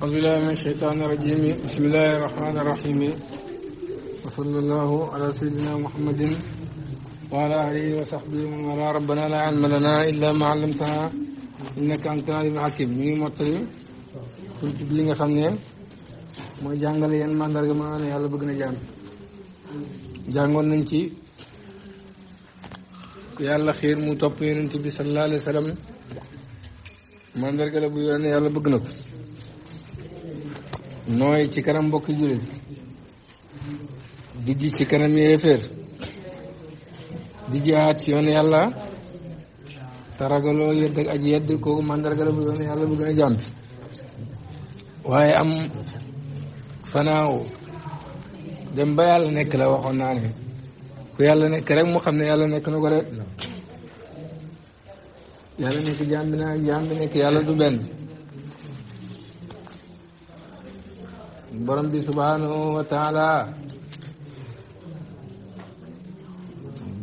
أعوذ بالله من الشيطان الرجيم بسم الله الرحمن الرحيم وصلى الله على سيدنا محمد وعلى آله وصحبه ومن والاه ربنا لا علم لنا إلا ما علمتنا إنك أنت العليم الحكيم مي موتلي كنت بليغا خامني ما جانغال يان ما ندارغ ما انا يالا بغنا جان جانغون نانتي يالا خير مو توب يونتي بي صلى الله عليه وسلم ما ندارغ لا بو يالا بغنا nooy ci kanam mbokk jullit dijji ci kanam yéeféer di jihaat ci yoon yàlla te ragaloo yedd ak aji yedd kooku mandarga bu yoon yàlla bu gën a jàmbi waaye am fanaaw dem ba yàlla nekk la waxoon naa ne ku yàlla nekk rek mu xam ne yàlla nekk na ko rek yàlla nekk jaam naa jaam nekk yàlla du benn borom bi subhanahu wa taala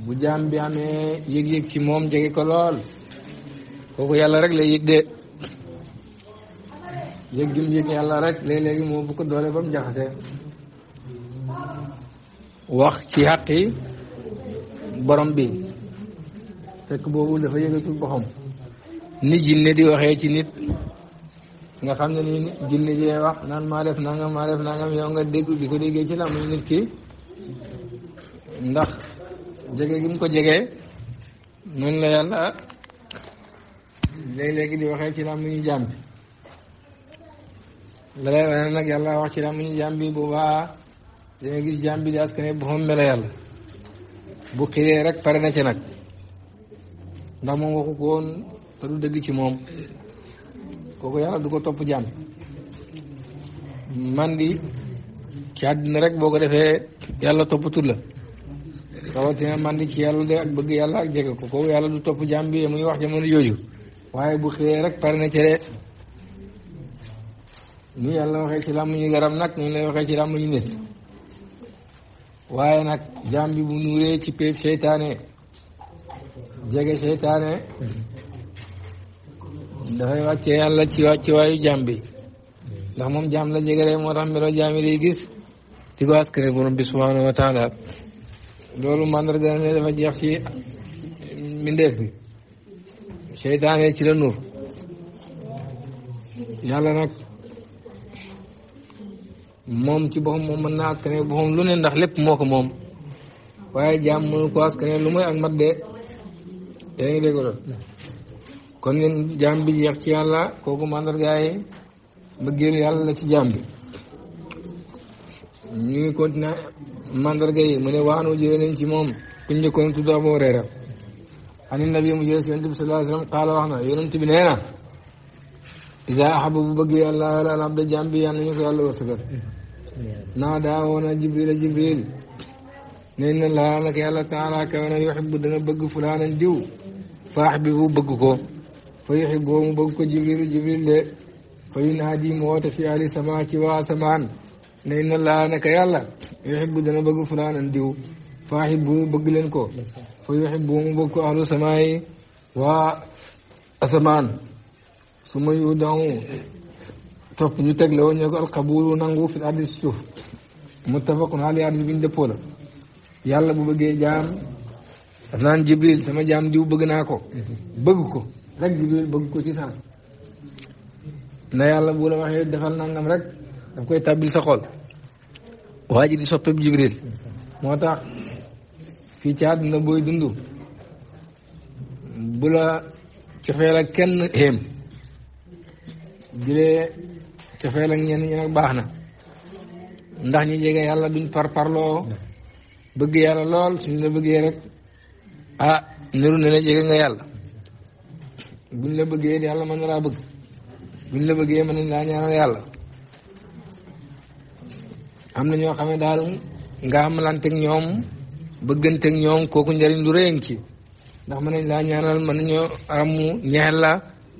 bu jaam bi amee yëg-yëg ci moom jege ko lool kooku yàlla rek lay yëg de yëg gim yëg yàlla rek léeg-léegi moo bu doole ba mu jaxase wax ci xaqi borom bi fekk boobu dafa yëgatul boxam ni jinne di waxee ci nit nga xam ne nii jinne jee wax naan maa def nangam maa def nangam yow nga dégg di ko déggee ci la muy nit ki ndax jege gi mu ko jegee noonu la yàlla léeg-léegi di waxee ci la muy jaam bi la lay wane nag yàlla wax ci la muy jaam bi bu baax dina gis jaam bi di askane bu xombe la yàlla bu xiree rek pare na ci nag ndax moom waxu ko woon te du dëgg ci moom kooku yàlla du ko topp jàmm man ci àddina rek boo ko defee yàlla toppatul la rawatina man di ci yàlla de ak bëgg yàlla ak jege ko kooku yàlla du topp jàmm bi muy wax jamono jooju waaye bu xëyee rek pare na ci de yàlla waxee ci làmmiñu garam nag ñu lay waxee ci làmmiñu nit waaye nag jàmm bu nuuree ci péeb seytaane jege seytaane dafay wàcce yàlla ci wàcce waayu jaam bi ndax moom jaam la jegere moo tax melo jaam yi lay gis bi subhanahu loolu mandarga ne jeex ci ci la nuur yàlla nag moom ci boppam moom mën naa askane boppam lu ne ndax lépp moo ko moom waaye jaam mënu ko askane lu muy ak mat de yaa ngi dégg loolu kon ngeen jaam bi jeex ci yàlla kooku mandargaaye mbëggeelu yàlla la ci jaam bi ñu ngi continué mandarga yi mu ne waanu jëlee nañ ci moom kuñ njëkkoon tudd Abu Hurayra ani nabi mu jëlee si yonent bi sallallahu alayhi wa sallam qaala wax na yonent bi nee na isa ahaba bu bëgg yàlla la alhamda jàmm bi yàlla ñu ko yàlla wërsëgal naa daa woona jibril a jibril ne na laa nag yàlla taala kawe na yuhibbu dana bëgg fulaanan diw faax bi bu bëgg ko fayoxi boobu bëgg ko jibril ali sama ci waa asamaan ne inna laa naka yàlla yuhibbu dana bëgg fulaanan diw faaxibu bëgg leen ko fa yuhibbu mu bëgg ko ahlu waa asamaan su ma yu daw topp ñu teg la woon ñu ko nangu fi ardi si suuf muttafaqun ali hadis bi ñu dëppoo la yàlla bu bëggee jaam daf naan jibril sama jaam diw bëgg naa ko bëgg ko rek Jibril bëgg ko ci saas na yàlla bu la waxee defal nangam rek daf koy tàbbil sa xol waa ji di soppeeb Jibril moo tax fii ci àdduna booy dund bu la cofeel ak kenn xéem jëlee cofeel ak ñenn ñi nag baax na ndax ñu jege yàlla duñ par parloo bëgg yàlla lool suñu la bëggee rek ah niru ne la jege nga yàlla buñ la bëggee yàlla mën na laa bëgg buñ la bëggee mën nañ laa ñaanal yàlla am na ñoo xam ne daal nga amalanteeg ñoom bëgganteeg ñoom kooku njëriñ lu rëy ci ndax mën nañ laa ñaanal mën nañoo amu ñeer la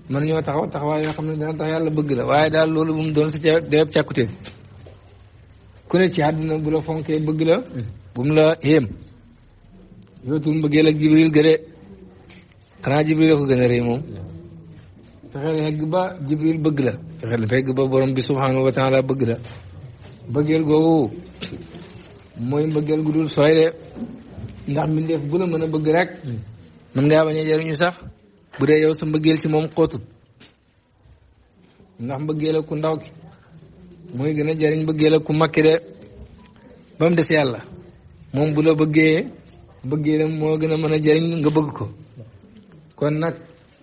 mën nañoo taxaw taxawaay yoo xam ne dana tax yàlla bëgg la waaye daal loolu bu mu doon sa ca càkkutee ku ne ci àdduna bu la fonkee bëgg la mm. bu mu la yéem yootul mbëggeel ak jibril gëre xanaa jibril ko gën a rëy moom fexeel xegg ba jibril bëgg la fexeel fegg ba borom bi subhanahu wa taala bëgg la bëggeel googu mooy mbëggeel gu dul sooy de ndax mbindeef bu la mën a bëgg rek mm. mën ngaa bañ a jariñu sax bu dee yow sa mbëggeel ci moom xóotul ndax mbëggeel ak ku ndaw ki mooy gën a jariñ mbëggeel ak ku makki de ba mu des yàlla moom bu la bëggee bëggeelam moo gën a mën a jariñ nga bëgg ko kon nag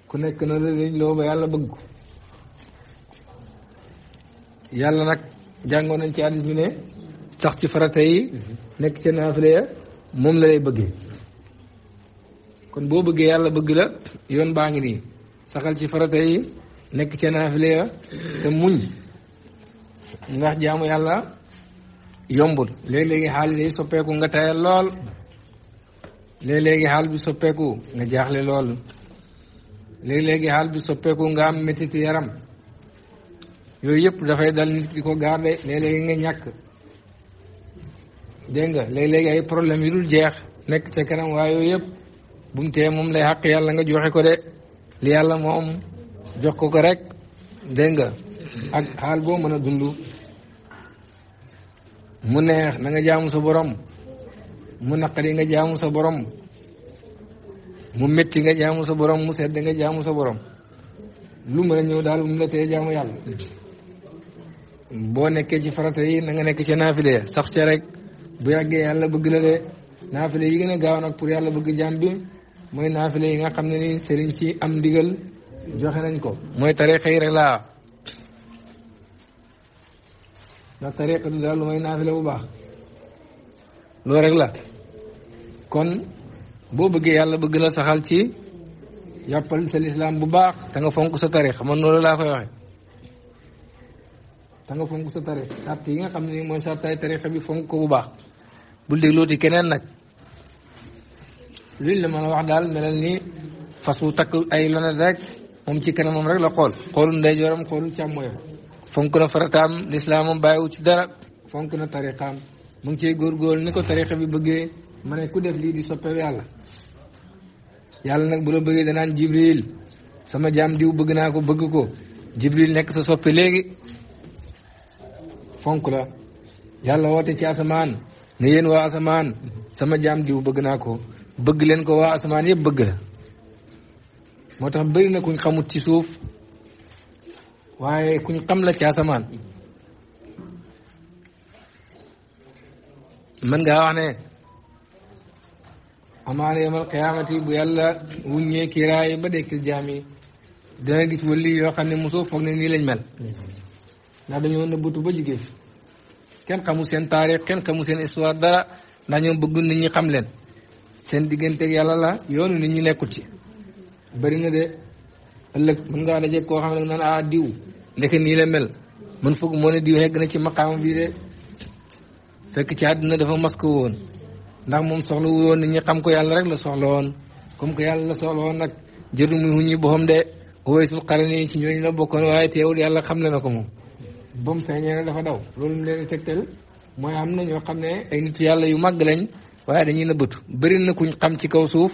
ku nekk na la dañ loo yàlla bëgg ko yàlla nag jàngoon nañ ci hadis bi ne sax ci farata yi nekk ca naafile ya moom la lay bëggee kon boo bëggee yàlla bëgg la yoon baa ngi nii saxal ci farata yi nekk ca naafile ya te muñ ndax jaamu yàlla yombul léeg-léegi xaal yi day soppeeku nga tayal lool léeg-léegi xaal bi soppeeku nga jaaxle lool léegi-léegi xaal bi soppeeku nga am métiti yaram yooyu yëpp dafay dal nit di ko garde léeg-léegi nga ñàkk dégg nga léeg-léegi ay problème yu dul jeex nekk ca kanam waaye yooyu yëpp bu mu tee moom lay xaq yàlla nga joxe ko de li yàlla moom jox ko ko rek dégg nga ak xaal boo mën a dund mu neex na nga jaamu sa borom mu naqari nga jaamu sa borom mu métti nga jaamu sa borom mu sedd nga jaamu sa borom lu mën a ñëw daal mu la tee jaamu yàlla boo nekkee ci farata yi na nga nekk ci naafile sax ca rek bu yàggee yàlla bëgg la de naafile yi gën a gaaw nag pour yàlla bëgg jaam bi mooy naafile yi nga xam ne ni sëriñ ci am ndigal joxe nañ ko mooy tariqa yi rek laa ndax tariqa du daal lu mooy naafile bu baax loolu rek la kon Bo bëggee yàlla bëgg la saxal ci jàppal ya sa lislaam bu baax te nga fonk sa tarix man noonu laa koy waxee te nga fonk sa tarix sart yi nga xam ne sa mooy sartaay bi fonk bu baax bul déglooti keneen nag luñ la wax daal melal ni fas wu takk ay lonet rek moom ci kanamam rek la xool xoolul ndeyjooram xoolul càmmooyam fonk na farataam lislaamam bàyyiwu ci dara fonk na tarixaam mu ngi ciy góorgóorlu ni ko bi ma ne ku def lii di soppeeku yàlla yàlla nag bu la bëggee danaan jibril sama jaam diw bëgg naa ko bëgg ko jibril nekk sa soppe léegi fonk la yàlla woote ci asamaan ne yéen waa asamaan sama jaam diw bëgg naa ko bëgg leen ko waa asamaan yëpp bëgg la moo tax bëri na kuñ xamut ci suuf waaye kuñ xam la ci asamaan mën ngaa wax ne amaana yomal qiyaamati bu yàlla wuññee kiiraay ba dekkil jaam yi dana gis wëlli yoo xam ne mosoo foog ne nii lañ mel ndax dañoo nëbbatu ba jigéen kenn xamu seen taarix kenn xamu seen histoire dara ndax ñoom bëgg nit ñi xam leen seen diggante yàlla la yoonu nit ñi nekkul ci bëri na de ëllëg mën ngaa daje koo xam ne naan a ah, diw ndeke nii la mel man foog moo ne diw hegg na ci maqaama bii de fekk ci àdduna dafa masko woon ndax moom soxla wu woon nit ñi xam ko yàlla rek la soxla woon comme que yàlla la soxla woon nag jërul muy huññi boppam de Uwaysul Qarni ci ñooñu la bokkoon waaye teewul yàlla xam le na ko moom ba mu feeñee dafa daw loolu mu leen di tegtal mooy am na ñoo xam ne ay nit yàlla yu màgg lañ waaye dañuy nëbbatu bëri na kuñ xam ci kaw suuf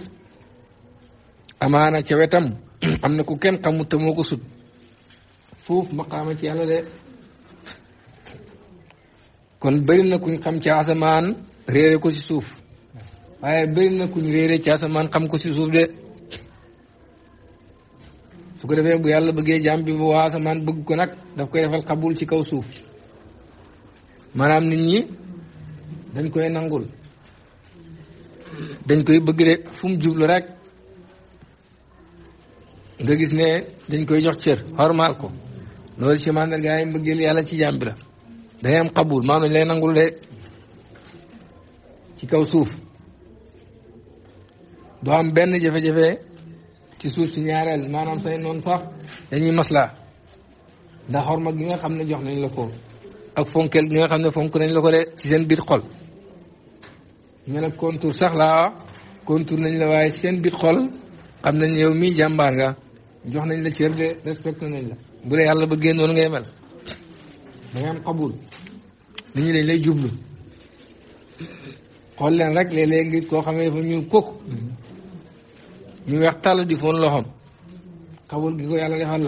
amaana ca wetam am na ku kenn xamut te moo ko sut foofu maqaama ci yàlla de kon bëri na kuñ xam ci asamaan réere ko ci suuf waaye bëri na ku ñu réere ci asamaan xam ko ci suuf de su ko defee bu yàlla bëggee jaam bi bu waa asamaan bëgg ko nag daf koy defal xabul ci kaw suuf maanaam nit ñi dañ koy nangul dañ koy bëgg de fu mu jublu rek nga gis ne dañ koy jox cër xormaal ko loolu ci mandarga yi mbëggeel yàlla ci jaam la day am xabul maanaam lay nangul de ci kaw suuf doo am benn jafe-jafe ci suuf si ñaareel maanaam say noonu sax dañuy maslaa ndax xorma gi nga xam ne jox nañ la ko ak fonkel gi nga xam ne fonk nañ la ko de ci seen biir xol ñu ne contour sax laa contour nañ la waaye ci seen biir xol xam nañ yow mii jàmbaar nga jox nañ la cër de respecté nañ la bu dee yàlla ba génnoon ngay mel da nga am xabul nit ñi dañ lay jublu xool leen rek léeg ngi koo xamee dafa ñuul kooku ñu weex tàll di foon loxoom xabul gi ko yàlla defal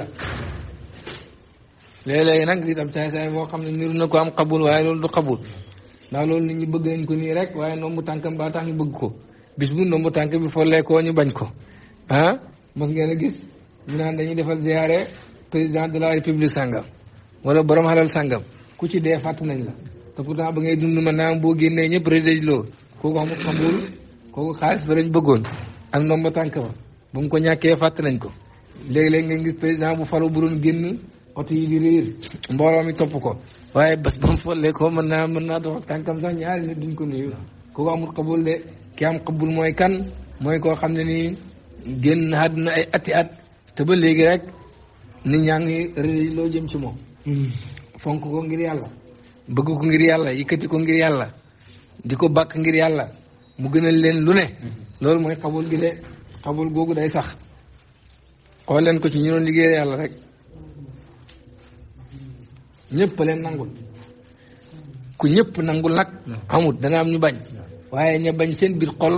la léeg nag di tam saay-saay boo xam ne niru na ko am xabul waaye loolu du xabul ndax loolu nit ñi bëgg nañ ko nii rek waaye nombu tànkam baa tax ñu bëgg ko bis bu nombu tànk bi follee koo ñu bañ ko ah mos ngeen a gis ñu naan dañuy defal ziare président de la république sangam wala borom xalal sangam ku ci dee fàtt nañ la te pourtant ba ngay dund ma naa boo génnee ñëpp rëdd loo kooku xamul bëggoon ak ndomba tànk ba ba mu ko ñàkkee fàtte nañ ko léeg-léeg nga président bu falu bu doon génn oto yi di réer mbooloo mi topp ko waaye bas ba mu follee ko mën naa mën naa dox tànkam sax ñaari nit duñ ko nuyu kooku amul xabul de ki am xabul mooy kan mooy koo xam ne nii génn àdduna ay ati at te ba léegi rek nit ñaa ngi réer loo jëm ci moom hmm. fonk ko ngir yàlla bëgg ko ngir yàlla yëkkati ko ngir yàlla di ko bàkk ngir yàlla mu gënal leen lu ne hmm. loolu mooy xabul gi de xabul googu day sax xool leen ko ci ñu doon liggéey yàlla rek ñëpp leen nangul ku ñëpp nangul nag amut danga am ñu bañ waaye ña bañ seen biir xol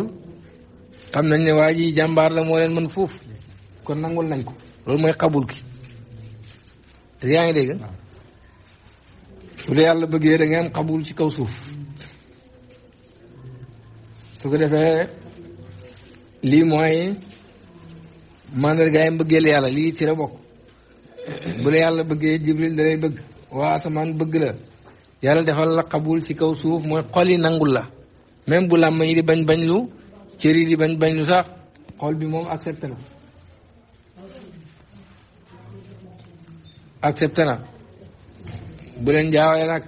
xam nañ ne waa yi jàmbaar la moo leen mën foofu kon nangul nañ ko loolu mooy xabul gi yaa ngi dégg su la yàlla bëggee da ngay am xabul ci kaw suuf su ko defee lii mooy mandargaay mbëggeel yàlla lii ci la bokk bu la yàlla bëggee jibril dalay bëgg waa asamaan bëgg la yàlla defal la xabul ci kaw suuf mooy xol yi nangul la même bu làmmañ yi di bañ bañ lu cër yi di bañ bañ lu sax xol bi moom accepté na accepté na bu leen jaawale nag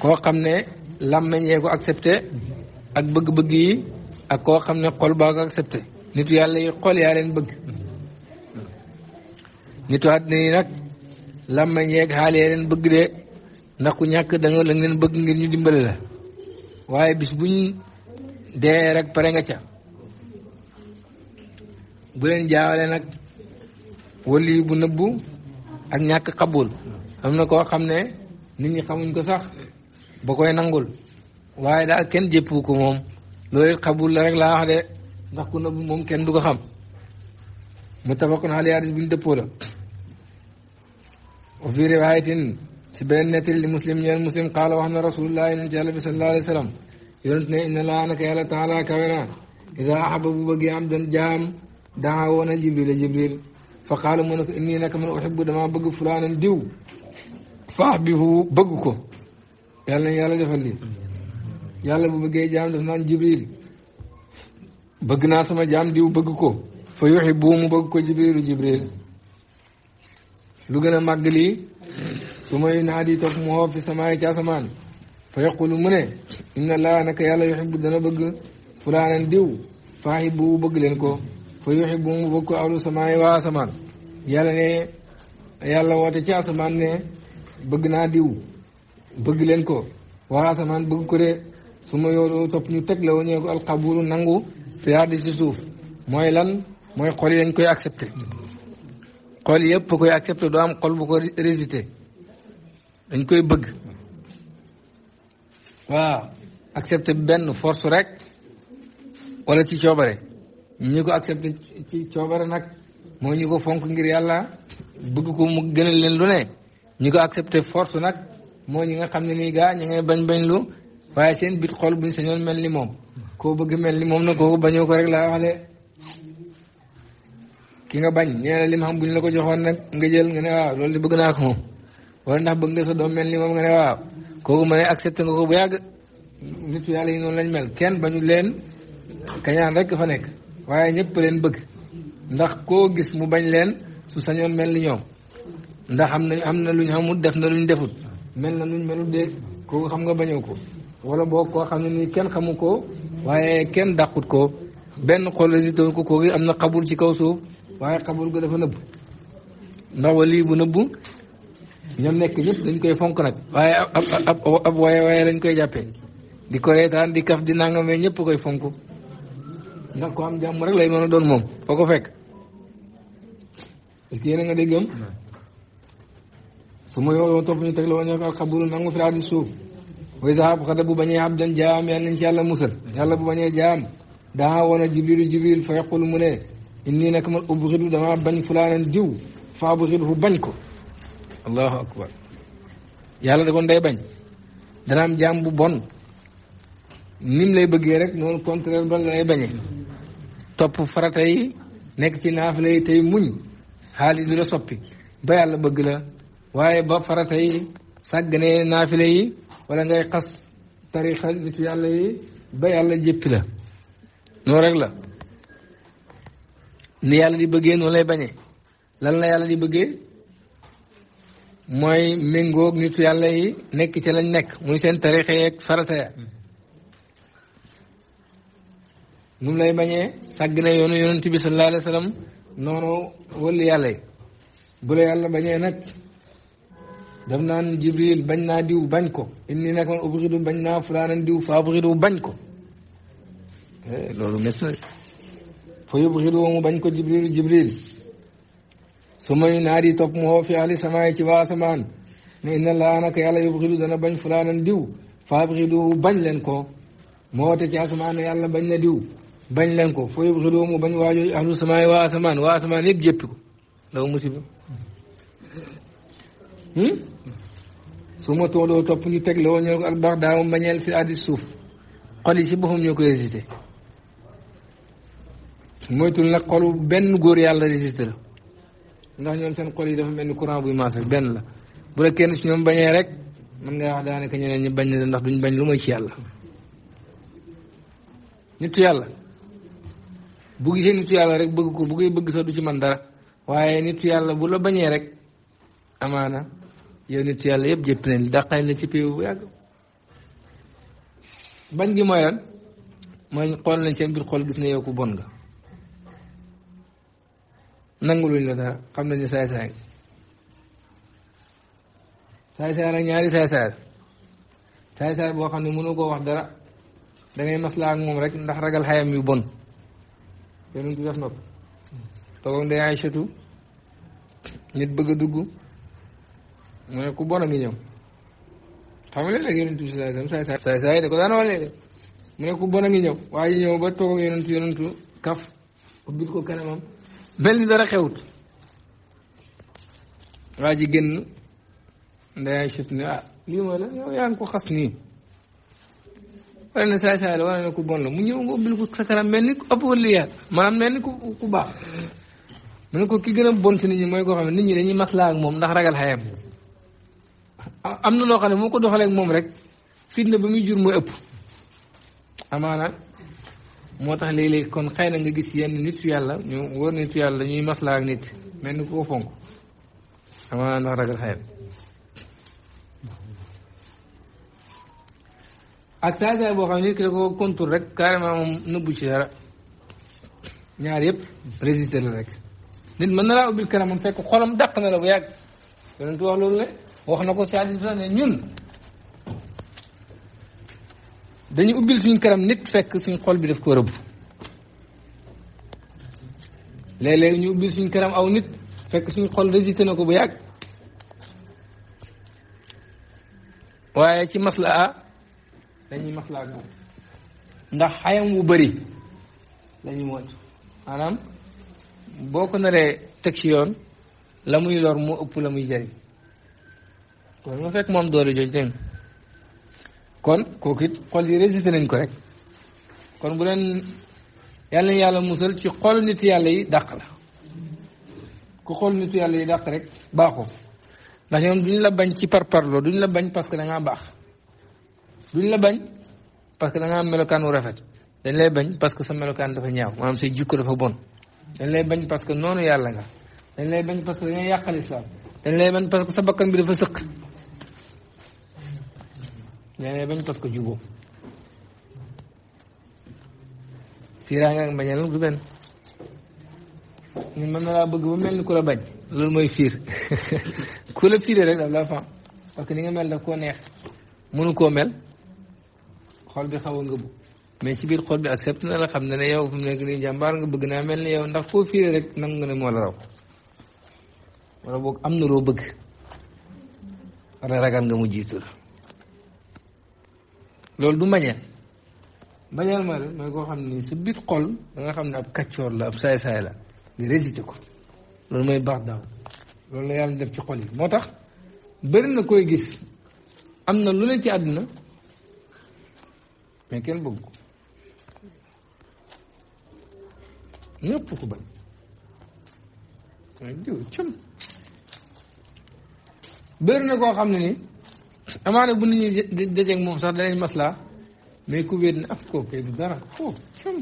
koo xam ne làmmañ yee ko accepté ak bëgg-bëgg yi ak koo xam ne xol baa ko accepté nitu yàlla yi xol yaa leen bëgg nitu àddina yi nag làmmañ yeeg xaal yaa leen bëgg de ndax ku ñàkk da nga leen bëgg ngir ñu dimbale la waaye bis buñ dee rek pare nga ca bu leen jaawale nag wali bu nëbbu ak ñàkk xabul am na koo xam ne nit ñi xamuñ ko sax ba koy nangul waaye daal kenn jëppu ko moom loolu it xabul la rek laa wax de ndax ku nëbb moom kenn du ko xam muttafaqun alayhi hadiis bu ñu dëppoo la wa fi riwaayatin ci beneen nettali li muslim ñeel muslim qaala wax na rasulullah yonent yàlla bi sallallahu alayhi wa sallam yonent ne inna laa naka yàlla taala kawe na iza ahaba bu bëggee am dan jaam daa woona jibril a jibril fa qaala mu ne ko inni naka man uhibbu dama bëgg fulaanan diw faax bi hu bëgg ko yàlla na yàlla defal lii yàlla bu bëggee jaam daf naan jibril bëgg naa sama jaam diw bëgg ko fa yuxi buu bëgg ko jibrilu jibril lu gën a màgg lii su may naa di topp mu xoof fi samaay ci asamaan fa yaqulu mu ne inna laa naka yàlla yuxibu dana bëgg fulaanan diw faaxi ko fa yuxi buu mu bëgg ko awlu samaay waa asamaan yàlla ne yàlla woote ci ne bëgg naa diw bëgg leen ko waa asamaan bëgg ko de su ma yoolu topp ñu teg la woñeeku alxaburu nangu fiyaar di si suuf mooy lan mooy xool yi dañ koy accepté xool yëpp koy accepté doo am xool bu ko résisté dañ koy bëgg waaw accepté benn force rek wala ci coobare ñi ko accepté ci coobare nag mooy ñi ko fonk ngir yàlla bëgg ko mu gënal leen lu ne ñi ko accepté force nag moo ñi nga xam ne nii gaa ñi ngay bañ bañ lu waaye seen bit xol buñ sañoon mel ni moom koo bëgg mel ni moom na kooku bañoo ko rek laa wax de ki nga bañ nee na lim xam bu ñu la ko joxoon nag nga jël nga ne waaw loolu de bëgg naa ko wala ndax bëgg nga sa doom mel ni moom nga ne waaw kooku bu yàgg nitu yàlla lañ mel kenn bañu leen kañaan rek fa nekk waaye ñëpp bëgg ndax koo gis mu bañ leen su sañoon mel ni ñoom ndax am na am na luñ xamut def na luñ defut mel na luñ melut de kooku xam nga bañoo ko wala boo koo xam ne nii kenn xamu ko waaye kenn dàqut ko benn xol résité ko kooku am na xabul ci kaw suuf waaye xabul ko dafa nëbb ndax wali bu nëbb ñoom nekk ñëpp dañ koy fonk nag waaye ab ab ab waaye waaye lañ koy jàppe di ko reetaan di kaf di nangamee ñëpp koy fonk ndax ko am jàmm rek lay mën doon moom foo ko fekk parce que yéen nga déggam su ma yooloo topp ñu teg la ñoo ko xabul nangu fi daal di suuf ويذهب خد ابو بني عبد الجام يعني ان شاء الله مصر ان شاء الله ابو بني جام دعا وانا جبريل جبريل فيقول مني إيه؟ اني نكم ابغض دماء بني فلان جو فابغضه بنكو الله اكبر يا الله دكون داي بني دنام جام بو نيم لاي بغي نون كونترول بل لاي بني توب فراتاي نيك سي نافلاي تاي موني خالد لا صوبي با بغلا وايي با فراتاي ساغني نافلاي wala ngay xas tarixa nit yàlla yi ba yàlla jéppi la noo rek la ni yàlla di bëggee noonu lay bañee lan la yàlla di bëggee mooy méngoog nitu yàlla yi nekk ci lañ nekk muy seen tarixa yeeg farata ya mu lay bañee sàgg na yoonu yonent bi sallallahu alayhi wa sallam noonu wëlli yàlla yi bu la yàlla bañee nag دمنا جبريل بنا ديو بنكو اني نكون ابغض بنا فلانا ديو فابغض بنكو لولو مسوي فيبغض بنكو جبريل جبريل سمي ناري توك مو في علي سماي تي واسمان ان الله انك يلا يبغض دنا بن فلانا ديو فابغض بن لنكو موتي تي اسمان يلا بن لا ديو بن لنكو فيبغض مو بن واجو اهل السماء واسمان واسمان يجيبكو لو مصيبه Hmm? su ma tooloo topp ñu teg la woon ñoo ko ak baax daaw mbañeel fi àddi suuf xol yi si boppam ñoo ko résisté moytul nag xolu benn góor yàlla résisté la ndax ñoom seen xol yi dafa mel ni courant buy maase benn la bu la kenn si ñoom bañee rek mën nga wax daanaka ñeneen ñi bañ na ndax duñ bañ lu moy ci yàlla nitu yàlla bu gisee nitu yàlla rek bëgg ko bu koy bëgg sax du ci man dara waaye nitu yàlla bu la bañee rek amaana yow nit yàlla yëpp jëpp nañ dàqañ na ci péew bu yàgg bañ gi mooy lan mooy xool nañ seen biir xool gis ne yow ko bon nga nanguluñ la dara xam nañu ne saay-saay saay-saay ñaari saay-saay boo xam ne mënu koo wax dara dangay maslaa ak moom rek ndax ragal xayam yu bon yonent bi def nopp toog ak ndey Aysatu nit bëgg a dugg mu ne ku bon a ngi ñëw xam nga léeg-léeg yonent bi sallallahu alayhi wasallam saay saay da ko daan walee de mu ne ku bon a ngi ñëw waaye ñëw ba toog yonentu yonentu kaf ubbil ko kanamam mel ni dara xewut waa ji génn ndayay sut ne ah lii mooy la yow yaa ngi ko xas nii wala ne saay saay la wala ne ku bon la mu ñëw nga ubbil ko sa kanam mel ni ku ëpp wala yaa maanaam mel ni ku ku baax mu ne ko ki gën a bon si nit ñi mooy koo xam ne nit ñi dañuy maslaa ak moom ndax ragal xayam am na loo xam ne moo ko doxaleek moom rek fitna ba muy jur mooy ëpp amaana moo tax léeg-léeg kon xëy na nga gis yenn nitu yàlla ñu wóor nitu yàlla dañuy maslaa ak nit mel ni ko fonk amaana boo xam ne ko contour rek carrément moom ci dara ñaar yëpp résister la rek nit mën na laa ubbil kanamam fekk xolam dàq na la bu yàgg yonentu wax loolu ne wax na ko si hadis ne ñun dañu ubbil suñ kanam nit fekk suñ xol bi daf ko rëbb léeg-léeg ñu ubbil suñ kanam aw nit fekk suñ xol résisté na ko bu yàgg waaye ci maslaa dañuy maslaa moom ndax xayam wu bari la ñuy moytu maanaam boo ko naree teg ci yoon la muy lor moo ëpp la muy jëriñ loolu nga fekk moom doole jooju dégg kon kooku it xol yi résisté nañ ko rek kon bu leen yàlla yàlla musal ci xol nit yàlla yi dàq la ku xol nit yàlla yi dàq rek baaxoo ndax ñoom duñ la bañ ci parparloo duñ la bañ parce que da ngaa baax duñ la bañ parce que da ngaa melokaan wu rafet dañ lay bañ parce que sa melokaan dafa ñaaw maanaam say jikko dafa bon dañ lay bañ parce que noonu yàlla nga dañ lay bañ parce que da ngay yàqal islam dañ lay bañ parce que sa bakkan bi dafa ñaareel bañ parce que jubóo fiiraange ak mbañeel nag du benn na laa bëgg ba mel ni ku la bañ loolu mooy fiir ku la fiiree rek daf laa fam parce que ni nga mel daf koo neex mënu koo mel xol bi xaw a ngëbu mais ci biir xol bi accepté na la xam ne ne yow fi mu nekk nii jàmbaar nga bëgg naa mel ni yow ndax koo fiiree rek nangu nga moo la raw wala boog am na loo bëgg wala ragal nga mu jiitu la loolu du mbañeel mbañeel ma la mooy koo xam ni sa biir xol da xam ne ab kaccoor la ab saay-saay la nga résité ko loolu mooy baax daaw loolu la yàlla def ci xol yi moo tax bëri na koy gis am na lu ci àdduna mais kenn bëgg ko na koo xam ne ni amaana bu nit ñi dajeeg moom sax danañ maslaa mais ku wér ne ak kooku dara foofu oh, cam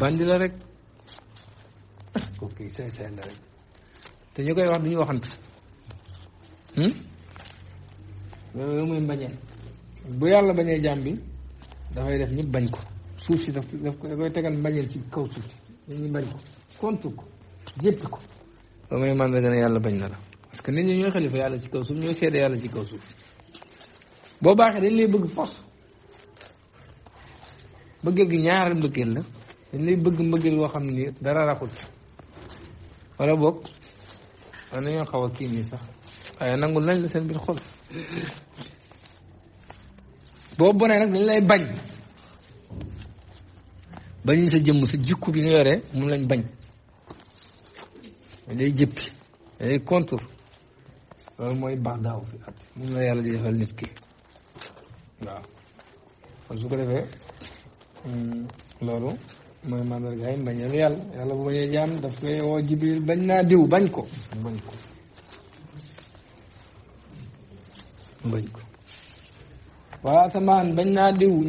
bandi la rek kooku kay saay saay la rek te ñu koy wax duñu waxant hmm? loolu la muy mbañee bu yàlla bañee jaam bi dafay def ñëpp bañ ko suuf si daf daf koy tegal mbañeel ci kaw suuf si ñu bañ ko kontu ko jéppi ko ba may màndarga ne yàlla bañ na la parce que nit ñi ñooy xalifa yàlla ci kaw suuf ñooy seede yàlla ci kaw suuf boo baaxee dañ lay bëgg fos mbëggeel gi ñaar mbëggeel la dañ lay bëgg mbëggeel woo xam ni dara raxut wala boog nañoo xaw a kii nii sax waaye la seen boo bonee nag dañ lay bañ bañ sa jëmm sa jikku bi ñu yoree moom lañ bañ da ngay jëppi da ngay contour loolu mooy baax daaw fi at moom la yàlla di defal nit ki waaw kon su ko defee hmm, loolu mooy mandargaay mbañeelu yàlla yàlla bu bañee jaam daf koy woo bañ naa diw bañ ko bañ ko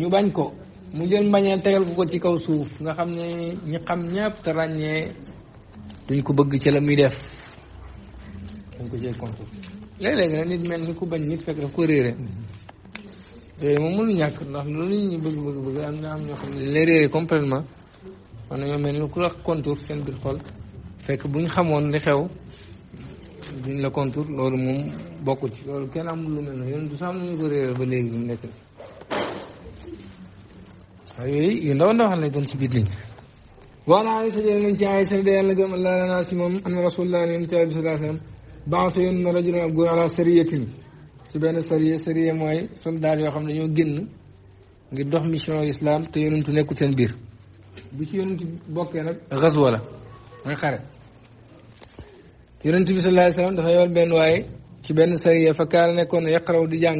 bañ ko mu jël mbañeel tegal ko ko ci kaw suuf nga xam ne ñi xam ñëpp te ràññee duñ ko bëgg ci la muy def dañ ko cee contre léeg-léeg nag nit mel ni ku bañ nit fekk daf ko réere réere moom mënu ñàkk ndax loolu ñu bëgg bëgg bëgg am na am ñoo xam ne réere complètement man nañoo mel ni ku la contour seen buñ xamoon li xew duñ la contour loolu moom bokk ci loolu kenn amul lu mel noonu yoon du sax am nañu ko réere ba léegi ñu nekk waaye yooyu yu ndaw ndaw xam ne doon ci biir nit waala Aysa jëlee nañ ci Aysa de yàlla gëm allah lana si moom anna rasulullah ni yonent bi sallallahu alayhi wasallam ba'atha yónni na rajulan ab góor ala sariyatin ci benn sariya sariya mooy soldaar yoo xam ne ñoo génn ngir dox mission islam te yonentu nekkul seen biir bu ci yonentu bokkee nag xazwa la mooy xare yonent bi sallallahu alayhi wasallam dafa yowal benn waaye ci benn sariya fa kaana nekkoon yaqraw di jàng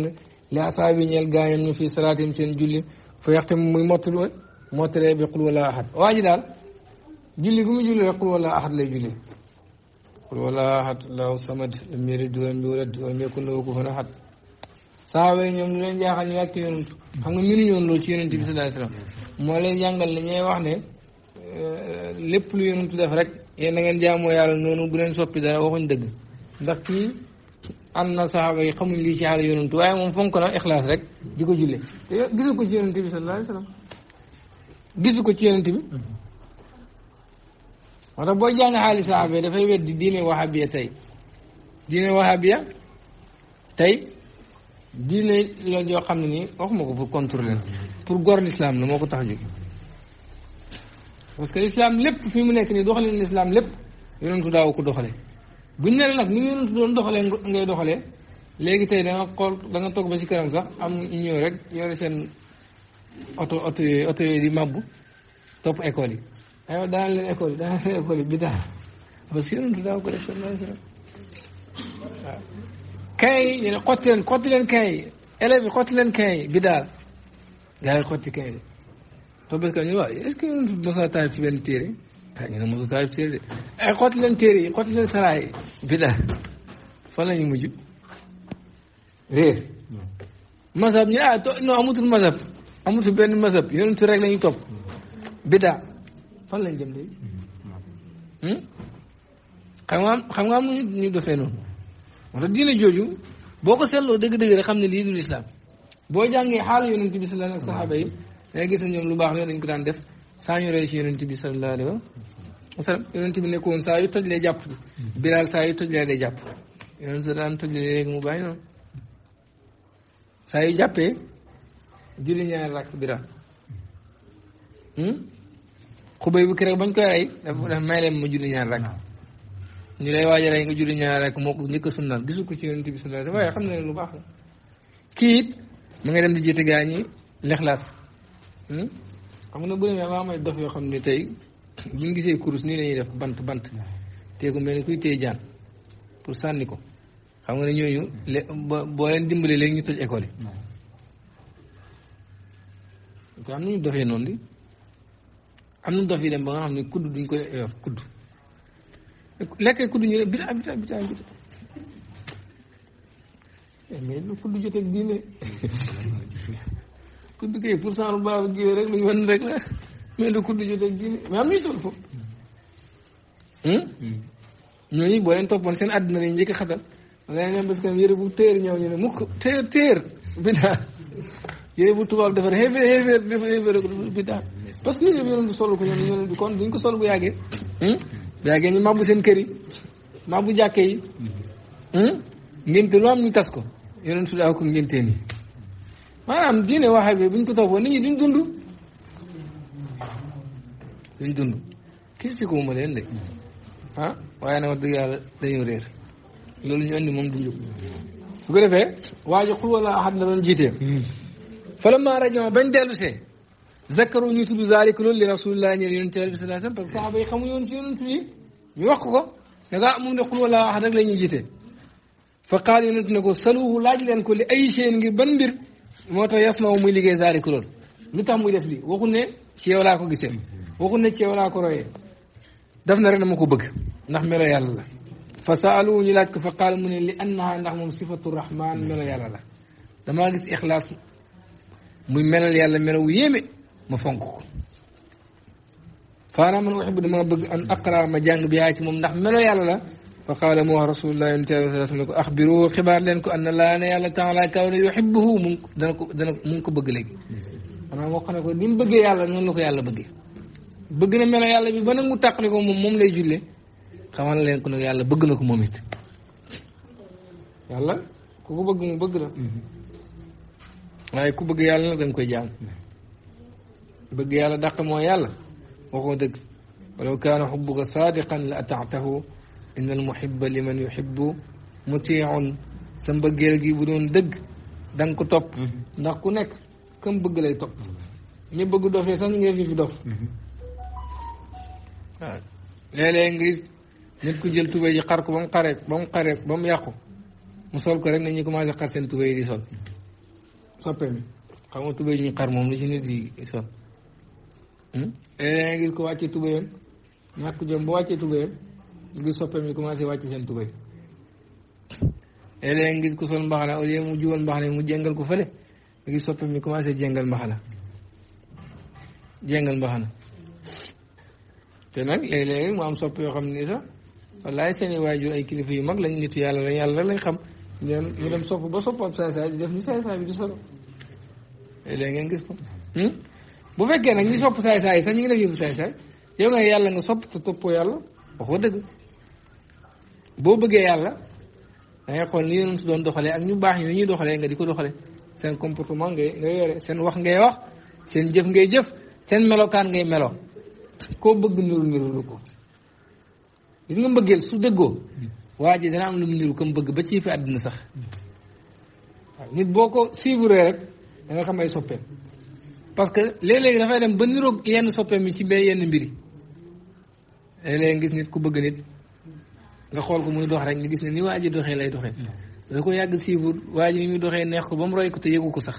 li asaabi ñeel gaañam ñu fii salaatim seen julli fa yaxtamu muy mottali mottalee bi qul wala ahad waa ji daal julli gu mu julli rek qul wallaahu ahad lay julli qul wallaahu ahad allahu samad lam yalid wa lam yuulad wa lam yakun lahu kufuwan ahad saxaaba yi ñoom lu leen jaaxal ñu laaj ko yonent xam nga mënu ñoon loolu ci yonent bi sallallahu alayhi moo leen jàngal ne ñooy wax ne eh, lépp lu yonent def rek yéen na ngeen jaamoo yàlla noonu bu leen soppi dara waxuñ dëgg ndax kii ànd na saxaaba yi xamuñ lii ci xaala yonent waaye moom fonk na ixlaas rek di ko julle gisu ko ci yonent bi sallallahu alayhi gisu ko ci yonent bi mm-hmm. moo tax boo jàng xaali saxaaba yi dafay weddi diine wahabiya tey diine wahabiya tey diine loolu yoo xam ne nii waxuma ko pour contrôler pour gor l'islam la moo ko tax jóg parce que l'islam lépp fi mu nekk nii doxalin lislaam lépp yonentu daaw ko buñ ne nag ni nga doxalee ngay doxalee léegi tey danga nga xool danga nga toog ba ci kanam sax am ñëw rek yore seen oto oto yooyu oto yooyu di màbbu topp école yi ايوه ده اللي ياكل ده ياكل البتاع مسكين ده ياكل كي يعني قتلا قتلا كي الا بقتلا كي بدا قال قتل كي طب كان يوا ايش كان بصا تعرف بين تيري كان انا مو تعرف تيري إيه، قتلا تيري قتلا سراي بدا فلا يمجي غير مذهب يا انه اموت المذهب اموت بين المذهب يونت رجلين توب بدا fan lañ jëm léegi mm-hmm. hmm? xam nga am xam nga am ñu defee noonu moo tax diine jooju boo ko seetloo dëgg-dëgg rek xam ne lii du lislaam boo jàngee xaal yonent bi sallallahu alayhi wa saxaaba yi gis ne ñoom lu baax la dañ ko daan def saa ñu rey ci yonent bi sallallahu alayhi bi nekkoon saa yu toj lee jàpp mm-hmm. bilaal saa yu toj lee day jàpp yonent sa léegi mu bàyyi noonu saa yu jàppee julli rakk bilaal hmm? xubay bi keroog bañ koy rey dafa dafa may leen ma julli ñaar rek ñu lay waaj a rey nga julli ñaar rek moo ko njëkk a sunnaal gisul ko ci yonent bi sunnaal waaye xam na lu baax la kii it mu nga dem di jiite gaa ñi lexlaas hmm? xam nga bu demee maa may dof yoo xam ne tey bu ñu gisee kurus nii lañuy def bant bant tey ku mel ni kuy téye jaan pour sànni ko xam nga ne ñooñu lé boo leen dimbalee léegi ñu toj école yi. am na ñu dofee noonu am na dof yi dem ba nga xam ne kudd duñ ko yor kudd lekkee kudd ñu bita eh, jotee ak diine kudd kay pour cent lu baax ak rek lu ñu wan rek la mais lu kudd jotee ak diine mais am nañu toll foofu hmm? Hmm. ñooñu boo leen toppoon seen àddina lañ njëkk a xatal da ngay dem parce que yëre bu téer ñëw ñu ne mukk téer téer bita yére bu tubaab defar xeefeer xeefeer xeefeer bi daal parce que ñun yonent bi sol ko ñoom kon duñ ko sol bu yàggee hmm? bu yàggee ñu màbbu seen kër yi bu jàkke yi hmm? ngénte am ñu tas ko yonent bi daa ko ngéntee nii maanaam diine waxa bi buñ ko toppoo nit ñi duñ dund duñ dund critique wu ma leen de ah waaye na wax dëgg yàlla dañoo réer loolu ñu andi moom du njub su ko defee waa ji xul wala ahad la doon jiitee hmm. فلما رجعوا بن دلوسي ذكروا نيتو ذلك لول لرسول الله صلى الله عليه وسلم فالصحابه يخمو يون سي يونتو آه، ني ني واخكو نغا امون نقول ولا احد لا ني جيتي فقال يونس نكو سلوه لاج لين كو لاي شيء ني بن بير موتو يسمعو مي ليغي ذلك لول لوتام مي ديف لي واخو ني سي يولا كو غيسم واخو ني سي يولا كو روي دفنا رنا مكو بك نخ ميرو يالا فسالوه لاك فقال من لانها نخ صفه الرحمن ميرو يالا لا دما غيس اخلاص muy melal yàlla melaw yéeme ma fonk ko faanaa man uxibu dama bëgg an aqra ma jàng bi yaa ci moom ndax melo yàlla la fa qaala mu wax rasulullah yonent yàlla sallam ko axbiru xibaar leen ko an laa ne yàlla taala kaw ne yuxibuhu mu dana ko dana mu ngi ko bëgg léegi maanaam wax na ko ni mu bëggee yàlla noonu la ko yàlla bëggee bëgg na melo yàlla bi ba nag mu tàqali ko moom moom lay julle xamal leen ko nag yàlla bëgg na ko moom it yàlla ku ko bëgg mu bëgg la waaye ku bëgg yàlla la da nga koy jaam bëgg yàlla dàq mooy yàlla waxoo dëgg walaw kaana xubbuka saadiqan la ataatahu inna al muhibba liman yuhibbu mutiun sa gi bu doon dëgg da nga ko topp mm-hmm. ndax ku nekk kam bëgg lay topp ñu bëgg dofee sax ngeen fi dof mm-hmm. waaw léeg-léeg nit ku jël tubéy ji xar ko ba mu xaree ba mu xaree ba mu yàqu mu sol ko rek nañu commencé xar seen tubéy yi di sol soppeem yi xam nga tubéy ñu xar moom lu ci nit yi sol léeg-léeg ngir ko wàccee tubéyam ñàkk jom bu wàccee tubéyam ngir soppeem yi commencé wàcc seen tubéy léeg-léeg ngir ko sol mbaxana au lieu mu jiwoon mbaxana mu jëngal ko fële ngir soppeem yi commencé jëngal mbaxana jëngal mbaxana te nag léeg-léeg mu am sopp yoo xam ni sax wallaay seen i waajur ay kilifa yu mag lañ nitu yàlla lañ yàlla rek lañ xam ñoom ñu dem sopp ba soppam saay saay di def ni saay saay bi di solo eh, léeg-léeg gis ko hmm? bu fekkee nag ñi sopp saay saay yi sax ñu ngi def yëfu saay saay yow nga yàlla nga sopp te toppoo yàlla waxoo dëgg boo bëggee yàlla da ngay xool ni yéen su doon doxalee ak ñu baax ñu ñuy doxalee nga di ko doxale seen comportement ngay ngay yore seen wax ngay wax seen jëf ngay jëf seen melokaan ngay melo koo bëgg niru niru ko gis nga mbëggeel su dëggoo waa ji dana am lu mu niru mu bëgg ba ci fi àddina sax nit boo ko suivre rek da nga xam ay soppeem parce que léeg-léeg dafay dem ba niroog yenn soppeem yi ci benn yenn mbir yi léeg-léeg ku bëgg nit nga xool ko muy dox rek nga gis ne ni waa ji doxee lay doxee da ko yàgg suivre waa ji ni doxee neex ko ba mu ko te yëgu ko sax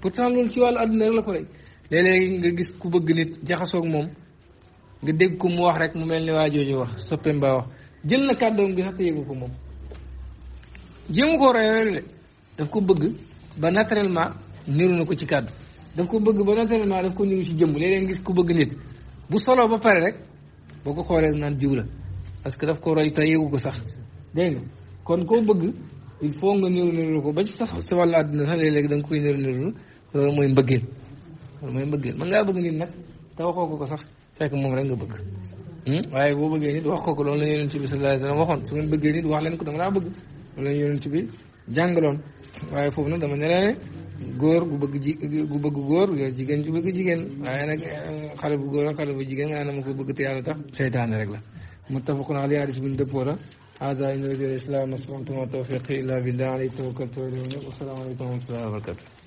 pourtant ci wàllu àdduna la ko rey léeg-léeg nga gis ku bëgg nit jaxasoog moom nga dégg ko mu wax rek mu mel ni waa jooju wax soppeem ba wax jël na kàddoom gi sax te yëgu ko moom jéemu koo royal de daf ko bëgg ba naturellement niru na ko ci kàddu daf ko bëgg ba naturellement daf ko niru ci jëmm léeg-léeg gis ku bëgg nit bu solo ba pare rek boo ko xoolee naan jiw la parce que daf ko roy te yëgu ko sax dégg nga kon koo bëgg il faut nga niru niru ko ba ci sax si wàllu àdduna sax léeg da nga koy niru niru loolu mooy mbëggeel loolu mooy mbëggeel mën ngaa bëgg nit nag te waxoo ko ko sax fekk moom rek nga bëgg Hmm? waaye boo bëggee nit wax ko ko loolu la yonent bi sallallahu alayhi wasallam waxoon su ngeen bëggee nit wax leen ko dama laa bëgg loolu la yonent bi jàngaloon waaye foofu nag dama ne la góor gu bëgg ji gu bëgg góor jigéen ju bëgg jigéen waaye nag eh, xale bu goor ak xale bu jigéen nga ne ma ko bëgg te yàlla tax seytaane rek la muttafaqun alayhi hadis buñ dëppoo la hada in radi al islam mastata'tum wa tawfiqi illa billah alayhi tawakkaltu wa ilayhi unib wassalaamu alaykum wa rahmatullahi wa